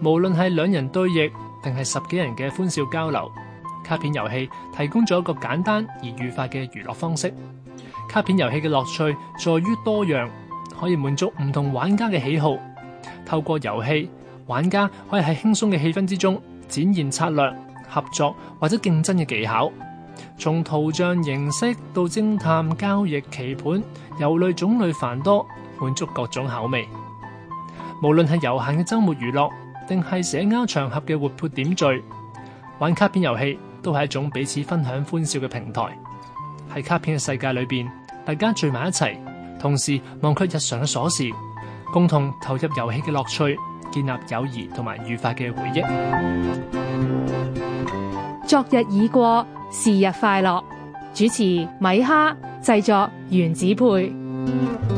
無論係兩人對弈，定係十幾人嘅歡笑交流，卡片遊戲提供咗一個簡單而愉快嘅娛樂方式。卡片遊戲嘅樂趣在於多樣，可以滿足唔同玩家嘅喜好。透過遊戲，玩家可以喺輕鬆嘅氣氛之中展現策略、合作或者競爭嘅技巧。從圖像形式到偵探交易棋盤，遊類種類繁多，滿足各種口味。無論係悠閒嘅周末娛樂。定係社交場合嘅活潑點綴，玩卡片遊戲都係一種彼此分享歡笑嘅平台。喺卡片嘅世界裏邊，大家聚埋一齊，同時忘卻日常嘅瑣事，共同投入遊戲嘅樂趣，建立友誼同埋愉快嘅回憶。昨日已過，是日快樂。主持米哈，製作原子配。